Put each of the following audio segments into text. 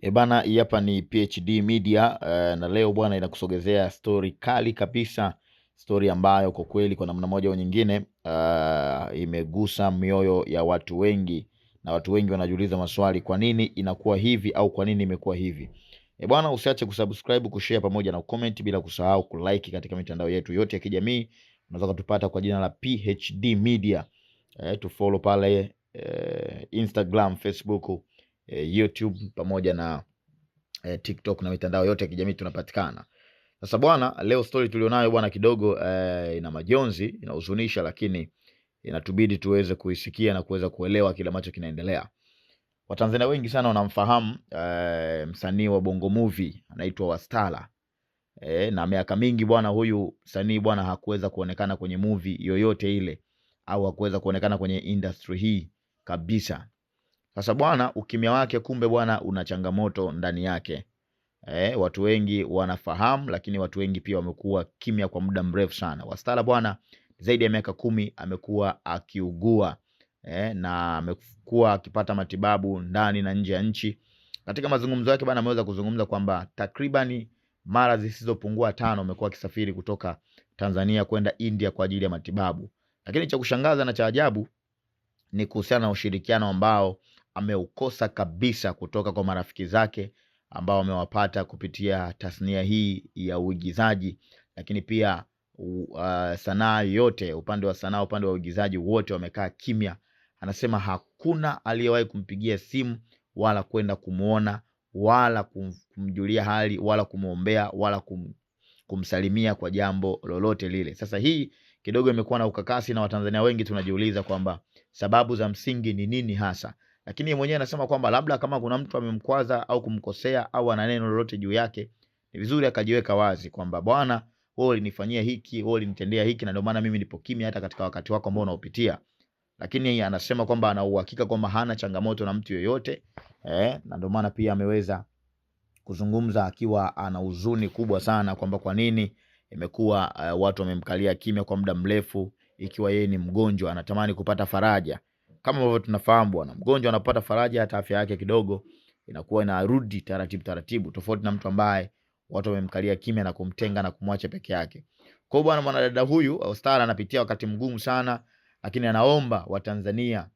E bana, hii hapa ni PHD Media uh, na leo bwana inakusogezea stori kali kabisa, stori ambayo kwa kweli kwa namna moja au nyingine uh, imegusa mioyo ya watu wengi, na watu wengi wanajiuliza maswali, kwa nini inakuwa hivi au kwa nini imekuwa hivi? E bwana, usiache kusubscribe, kushare pamoja na comment, bila kusahau kulike katika mitandao yetu yote ya kijamii. Unaweza kutupata kwa jina la PHD Media uh, eh, tufollow pale uh, Instagram, Facebook e, YouTube pamoja na e, TikTok na mitandao yote ya kijamii tunapatikana. Sasa bwana, leo story tulionayo bwana kidogo e, ina majonzi, inahuzunisha, lakini inatubidi tuweze kuisikia na kuweza kuelewa kile ambacho kinaendelea. Watanzania wengi sana wanamfahamu e, msanii wa Bongo Movie anaitwa Wastara. E, na miaka mingi bwana huyu msanii bwana hakuweza kuonekana kwenye movie yoyote ile au hakuweza kuonekana kwenye industry hii kabisa. Sasa bwana, ukimya wake kumbe bwana una changamoto ndani yake. Eh, watu wengi wanafahamu, lakini watu wengi pia wamekuwa kimya kwa muda mrefu sana. Wastara bwana zaidi ya miaka kumi amekuwa akiugua eh, na amekuwa akipata matibabu ndani na nje ya nchi. Katika mazungumzo yake bwana ameweza kuzungumza kwamba takribani mara zisizopungua tano amekuwa akisafiri kutoka Tanzania kwenda India kwa ajili ya matibabu, lakini cha kushangaza na cha ajabu ni kuhusiana na ushirikiano ambao ameukosa kabisa kutoka kwa marafiki zake ambao amewapata kupitia tasnia hii ya uigizaji, lakini pia uh, sanaa yote, upande wa sanaa, upande wa uigizaji, wote wamekaa kimya. Anasema hakuna aliyewahi kumpigia simu wala kwenda kumwona wala kumjulia hali wala kumwombea wala kum, kumsalimia kwa jambo lolote lile. Sasa hii kidogo imekuwa na ukakasi na Watanzania wengi tunajiuliza kwamba sababu za msingi ni nini hasa lakini yeye mwenyewe anasema kwamba labda kama kuna mtu amemkwaza au kumkosea au ana neno lolote juu yake, ni vizuri akajiweka wazi kwamba Bwana, wewe ulinifanyia hiki, wewe ulinitendea hiki, na ndio maana mimi nipo kimya hata katika wakati wako ambao unaopitia. Lakini yeye anasema kwamba ana uhakika kwamba hana changamoto na mtu yoyote eh, na ndio maana pia ameweza kuzungumza akiwa ana huzuni kubwa sana kwamba kwa nini imekuwa uh, watu wamemkalia kimya kwa muda mrefu, ikiwa yeye ni mgonjwa, anatamani kupata faraja kama ambavyo tunafahamu bwana, mgonjwa anapata faraja, hata afya yake kidogo inakuwa inarudi taratibu taratibu, tofauti na mtu ambaye watu wamemkalia kimya na kumtenga na kumwacha peke yake. Kwa bwana, mwanadada huyu Ostara anapitia wakati mgumu sana, lakini anaomba Watanzania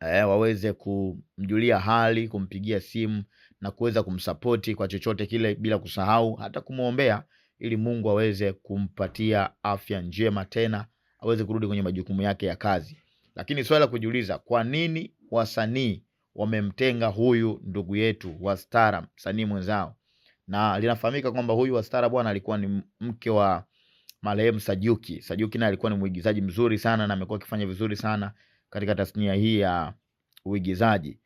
eh, waweze kumjulia hali, kumpigia simu na kuweza kumsapoti kwa chochote kile, bila kusahau hata kumwombea ili Mungu aweze kumpatia afya njema tena aweze kurudi kwenye majukumu yake ya kazi. Lakini swali la kujiuliza, kwa nini wasanii wamemtenga huyu ndugu yetu Wastara, msanii mwenzao? Na linafahamika kwamba huyu Wastara bwana alikuwa ni mke wa marehemu Sajuki. Sajuki naye alikuwa ni mwigizaji mzuri sana na amekuwa akifanya vizuri sana katika tasnia hii ya uigizaji,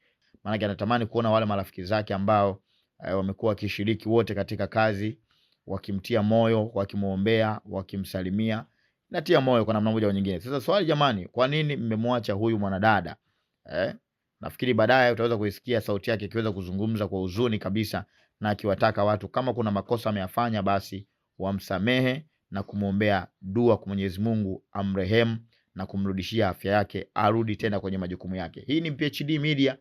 maanake anatamani kuona wale marafiki zake ambao e, wamekuwa wakishiriki wote katika kazi wakimtia moyo, wakimwombea, wakimsalimia natia moyo kwa namna moja au nyingine. Sasa swali jamani, kwa nini mmemwacha huyu mwanadada eh? Nafikiri baadaye utaweza kuisikia sauti yake ikiweza kuzungumza kwa huzuni kabisa, na akiwataka watu kama kuna makosa ameyafanya basi wamsamehe na kumwombea dua kwa Mwenyezi Mungu amrehemu na kumrudishia afya yake, arudi tena kwenye majukumu yake. Hii ni PHD Media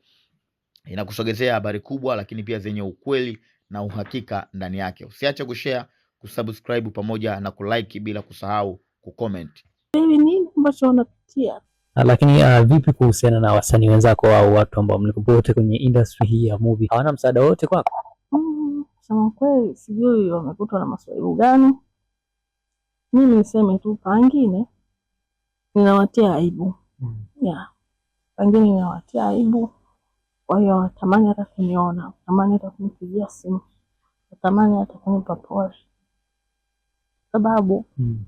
inakusogezea habari kubwa, lakini pia zenye ukweli na uhakika ndani yake. Usiache kushare, kusubscribe pamoja na kulike bila kusahau kucomment. Mimi nini ambacho unapitia? Ah, lakini uh, vipi kuhusiana na wasanii wenzako au watu ambao mlikopote wote kwenye industry hii ya movie, hawana msaada wote kwako? Mm, sema kweli sijui wamekutwa na maswali gani. Mimi niseme tu pangine ninawatia aibu mm. yeah. pangine ninawatia aibu kwa hiyo watamani hata kuniona, watamani hata kunipigia simu, watamani hata kunipa pole sababu mm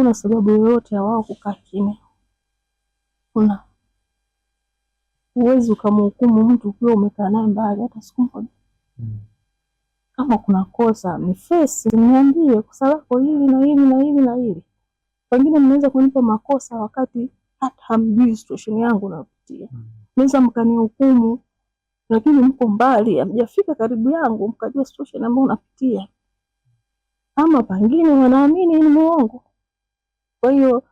hakuna sababu yoyote ya wao kukaa kimya. Kuna huwezi ukamhukumu mtu ukiwa umekaa naye mbali hata siku moja. Mm. Kama kuna kosa ni face, niambie kosa lako hili na hili na hili na hili. Pengine mnaweza kunipa makosa wakati hata hamjui situation yangu napitia. Mm. Mnaweza mkanihukumu, lakini mko mbali, hamjafika karibu yangu, mkajua situation ambayo unapitia. Ama pengine wanaamini ni muongo kwa hiyo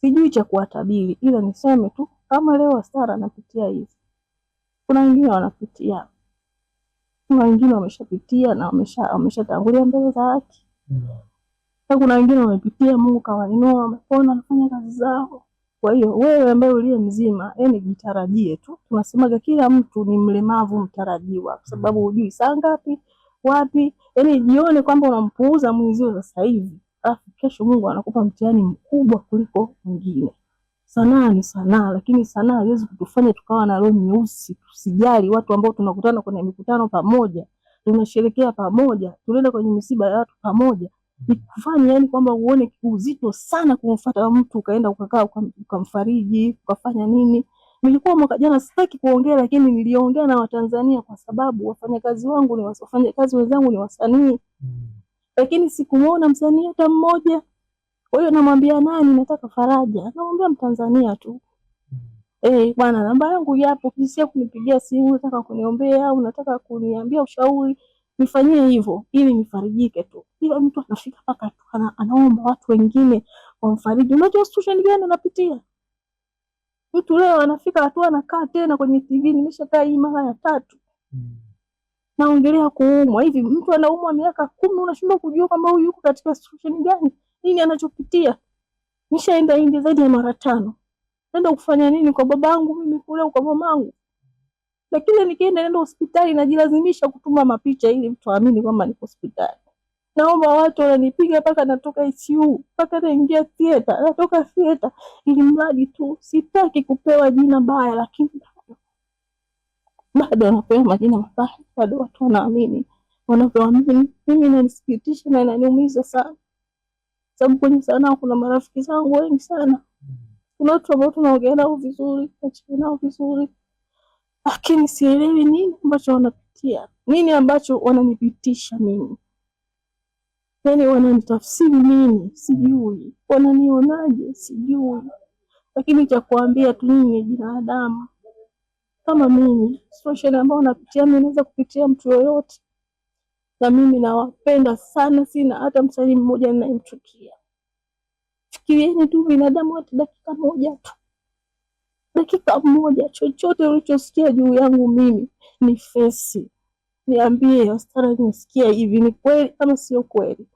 sijui cha kuwatabiri, ila niseme tu kama leo Stara anapitia hivi, kuna wengine wanapitia, kuna wengine wameshapitia na wameshatangulia mbele za haki. Kuna wengine wamepitia, Mungu kawainua, wamepona, wanafanya kazi zao. Kwa hiyo wewe ambaye uliye mzima, yani jitarajie tu. Tunasemaga kila mtu ni mlemavu mtarajiwa, kwa sababu hujui saa ngapi, wapi, yani jione kwamba unampuuza mwenzio sasa hivi alafu kesho Mungu anakupa mtihani mkubwa kuliko mwingine. Sanaa ni sanaa, lakini sanaa haiwezi kutufanya tukawa na roho nyeusi, tusijali watu ambao tunakutana kwenye mikutano pamoja, tunasherekea pamoja, tunaenda kwenye misiba ya watu pamoja. Nikufanya yani kwamba uone uzito sana kumfuata mtu ukaenda ukakaa ukamfariji ukafanya nini. Nilikuwa mwaka jana, sitaki kuongea, lakini niliongea na Watanzania kwa sababu wafanyakazi wangu ni wafanyakazi wenzangu ni wasanii hmm lakini sikumwona msanii hata mmoja. Kwa hiyo namwambia nani, nataka faraja, namwambia mtanzania tu mm. Eh, bwana namba yangu yapo, kisia kunipigia simu unataka kuniombea au unataka kuniambia ushauri, nifanyie hivyo ili nifarijike tu. Kila mtu anafika paka tu ana, anaomba watu wengine wamfariji. Unajua situation gani anapitia? Mtu leo anafika tu anakaa tena kwenye TV, nimeshakaa hii mara ya tatu. Mm naongelea kuumwa. Hivi mtu anaumwa miaka kumi, unashindwa kujua kwamba huyu yuko katika situation gani, nini anachopitia? Nishaenda India zaidi ya mara tano, naenda kufanya nini? Kwa babangu mimi kule, kwa mamangu Lakini nikienda nenda hospitali najilazimisha kutuma mapicha ili mtu aamini kwamba niko hospitali. Naomba watu wananipiga mpaka natoka ICU mpaka naingia theater, natoka theater, ili mradi tu sitaki kupewa jina baya, lakini bado wanapewa majina mabaya, bado watu wanaamini wanavyoamini. Mimi nanisikitisha na inaniumiza sana, sababu kwenye sanaa kuna marafiki zangu wengi sana, kuna watu ambao tunaongea nao vizuri, tunacheka nao vizuri, lakini sielewi nini ambacho wanapitia, nini ambacho wananipitisha mimi, yani wananitafsiri mimi, sijui wananionaje, sijui, lakini cha kuambia tu, mimi ni binadamu kama mimi shida ambayo napitia mimi naweza kupitia mtu yoyote, na mimi nawapenda sana, sina hata msanii mmoja ninayemchukia. Fikirieni tu binadamu, hata dakika moja tu, dakika moja, chochote ulichosikia juu yangu mimi ni fesi, niambie wastara nisikia hivi, ni kweli ama sio kweli?